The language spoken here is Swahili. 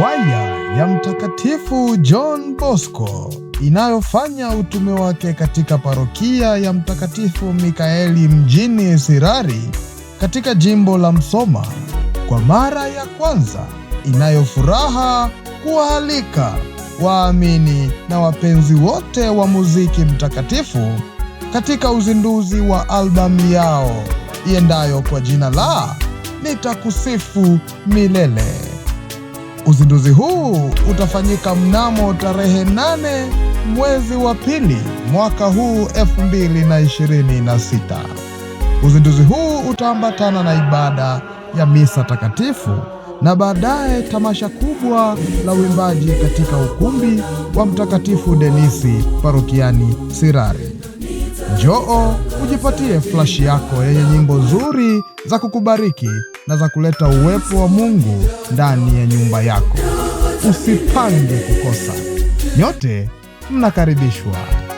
kwaya ya Mtakatifu John Bosco inayofanya utume wake katika parokia ya Mtakatifu Mikaeli mjini Sirari katika jimbo la Msoma kwa mara ya kwanza inayofuraha kuwaalika waamini na wapenzi wote wa muziki mtakatifu katika uzinduzi wa albamu yao iendayo kwa jina la Nitakusifu Milele. Uzinduzi huu utafanyika mnamo tarehe 8 mwezi wa pili mwaka huu 2026. Uzinduzi huu utaambatana na ibada ya misa takatifu na baadaye tamasha kubwa la uimbaji katika ukumbi wa Mtakatifu Denisi parokiani Sirari. Njoo ujipatie flashi yako yenye nyimbo nzuri za kukubariki na za kuleta uwepo wa Mungu ndani ya nyumba yako. Usipange kukosa. Nyote mnakaribishwa.